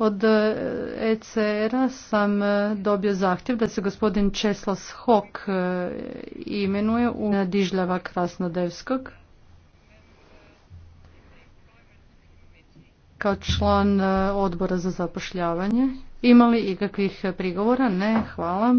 Od ECR-a e sam e, dobio zahtjev da se gospodin Česlas Hok e, imenuje u Nadižljava Krasnodevskog kao član odbora za zapošljavanje. Imali ikakvih prigovora? Ne, hvala.